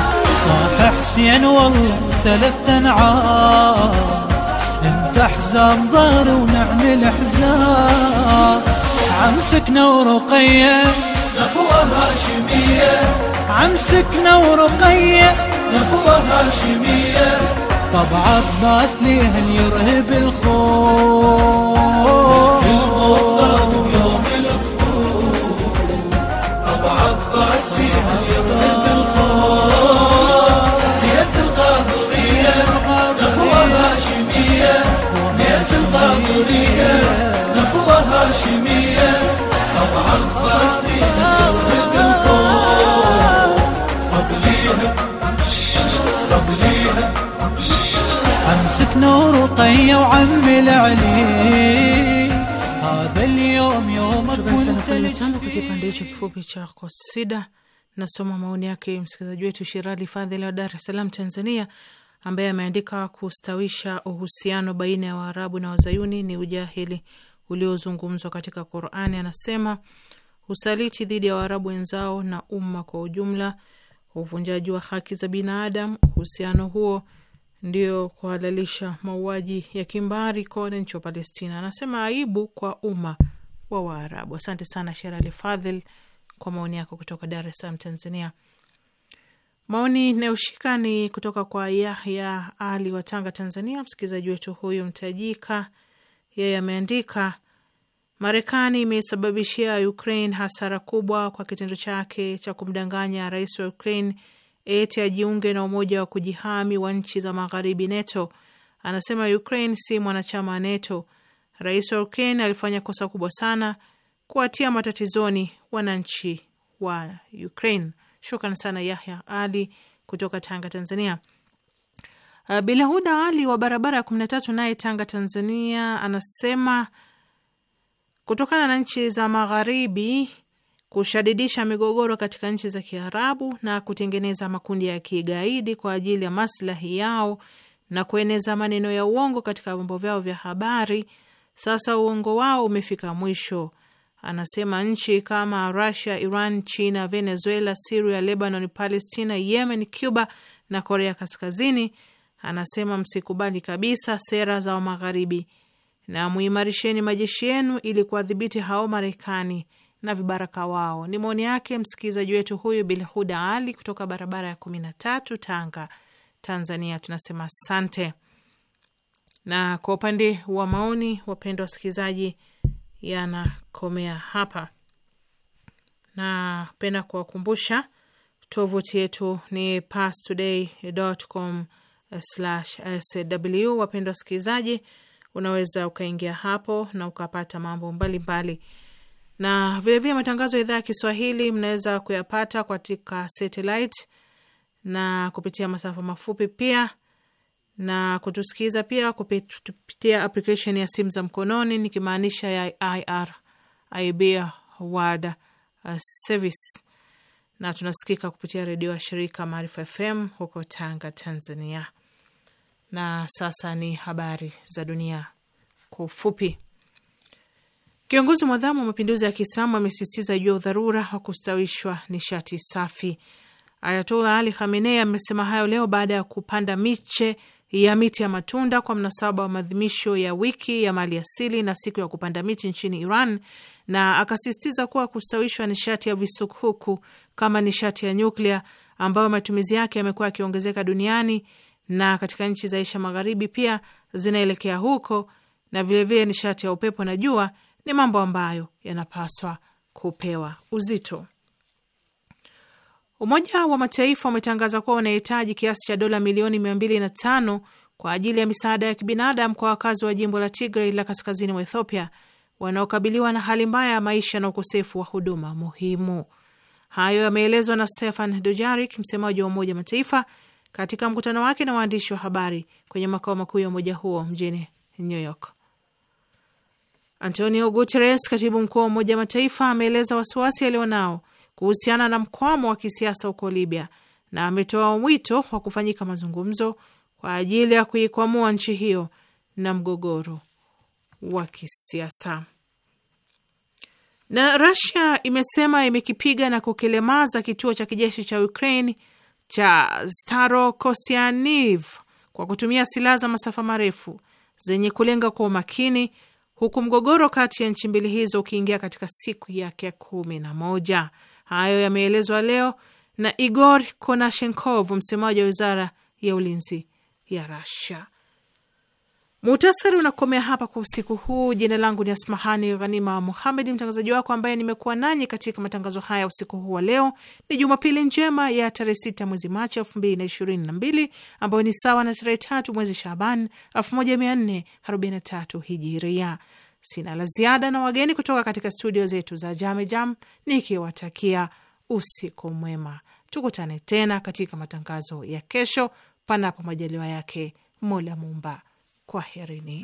صاح حسين والله ثلاث أنعام انت حزام ظهر ونعمل حزام عمسكنا ورقية نفوة هاشمية عمسكنا ورقية نفوة هاشمية طبع باس ليه يرهب الخوف راسك نور وعم العلي هذا اليوم يوم kipande hicho kifupi cha kosida. Nasoma maoni yake msikilizaji wetu Shirali Fadhili wa Dar es Salaam, Tanzania, ambaye ameandika kustawisha uhusiano baina ya Waarabu na Wazayuni ni ujahili uliozungumzwa katika Qurani. Anasema usaliti dhidi ya Waarabu wenzao na umma kwa ujumla, uvunjaji wa haki za binadamu, uhusiano huo ndio kuhalalisha mauaji ya kimbari kwa wananchi wa Palestina. Anasema aibu kwa umma wa Waarabu. Asante sana Sherali Fadhil kwa maoni yako kutoka Dar es Salaam, Tanzania. Maoni inayoshika ni kutoka kwa Yahya Ali wa Tanga, Tanzania. Msikilizaji wetu huyu mtajika, yeye ameandika, Marekani imesababishia Ukraine hasara kubwa kwa kitendo chake cha kumdanganya rais wa Ukraine eti ajiunge na umoja wa kujihami wa nchi za magharibi NATO. Anasema Ukraine si mwanachama wa NATO. Rais wa Ukraine alifanya kosa kubwa sana kuwatia matatizoni wananchi wa Ukraine. Shukran sana Yahya Ali kutoka Tanga, Tanzania. Uh, Bilahuda Ali wa barabara ya kumi na tatu, naye Tanga, Tanzania, anasema kutokana na nchi za magharibi kushadidisha migogoro katika nchi za Kiarabu na kutengeneza makundi ya kigaidi kwa ajili ya maslahi yao na kueneza maneno ya uongo katika vyombo vyao vya habari. Sasa uongo wao umefika mwisho, anasema. Nchi kama Russia, Iran, China, Venezuela, siria Lebanon, Palestina, Yemen, Cuba na Korea Kaskazini, anasema msikubali kabisa sera za Magharibi na muimarisheni majeshi yenu ili kuwadhibiti hao Marekani na vibaraka wao. Ni maoni yake msikilizaji wetu huyu Bilhuda Ali kutoka barabara ya kumi na tatu, Tanga, Tanzania. Tunasema asante. Na kwa upande wa maoni, wapendwa wasikilizaji, yanakomea hapa. Napenda kuwakumbusha tovuti yetu ni pastoday.com sw. Wapendwa wasikilizaji, unaweza ukaingia hapo na ukapata mambo mbalimbali mbali na vilevile vile matangazo ya idhaa ya Kiswahili mnaweza kuyapata katika satelit na kupitia masafa mafupi pia na kutusikiliza pia kupitia application ya simu za mkononi nikimaanisha ya IRIB World uh, Service, na tunasikika kupitia redio ya shirika Maarifa FM huko Tanga, Tanzania. Na sasa ni habari za dunia kwa ufupi. Kiongozi mwadhamu wa mapinduzi ya Kiislamu amesisitiza juu ya udharura wa kustawishwa nishati safi. Ayatollah Ali Khamenei amesema hayo leo baada ya kupanda miche ya miti ya matunda kwa mnasaba wa maadhimisho ya wiki ya mali asili na siku ya kupanda miti nchini Iran, na akasisitiza kuwa kustawishwa nishati ya visukuku kama nishati ya nyuklia ambayo matumizi yake yamekuwa yakiongezeka duniani na katika nchi za Asia Magharibi pia zinaelekea huko, na vilevile nishati ya upepo na jua ni mambo ambayo yanapaswa kupewa uzito. Umoja wa Mataifa umetangaza kuwa unahitaji kiasi cha dola milioni mia mbili na tano kwa ajili ya misaada ya kibinadamu kwa wakazi wa jimbo la Tigray la kaskazini mwa Ethiopia wanaokabiliwa na hali mbaya ya maisha na ukosefu wa huduma muhimu. Hayo yameelezwa na Stefan Dujarik, msemaji wa Umoja Mataifa, katika mkutano wake na waandishi wa habari kwenye makao makuu ya umoja huo mjini New York. Antonio Guterres, katibu mkuu wa Umoja wa Mataifa, ameeleza wasiwasi alionao kuhusiana na mkwamo wa kisiasa huko Libya na ametoa mwito wa kufanyika mazungumzo kwa ajili ya kuikwamua nchi hiyo na mgogoro wa kisiasa. Na Russia imesema imekipiga na kukilemaza kituo cha kijeshi cha Ukraine cha Starokostianiv kwa kutumia silaha za masafa marefu zenye kulenga kwa umakini huku mgogoro kati ya nchi mbili hizo ukiingia katika siku yake kumi na moja. Hayo yameelezwa leo na Igor Konashenkov, msemaji wa wizara ya ulinzi ya Rasia. Muhtasari unakomea hapa kwa usiku huu. Jina langu ni Asmahani Ghanima Muhamedi, mtangazaji wako ambaye nimekuwa nanyi katika matangazo haya usiku huu wa leo. Ni Jumapili njema ya tarehe sita mwezi Machi elfu mbili na ishirini na mbili ambayo ni sawa na tarehe tatu mwezi Shaban elfu moja mia nne arobaini na tatu hijiria. Sina la ziada na wageni kutoka katika studio zetu za Jamejam, nikiwatakia usiku mwema. Tukutane tena katika matangazo ya kesho, panapo majaliwa yake Mola Mumba. Kwaherini.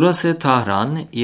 Burası Tahran,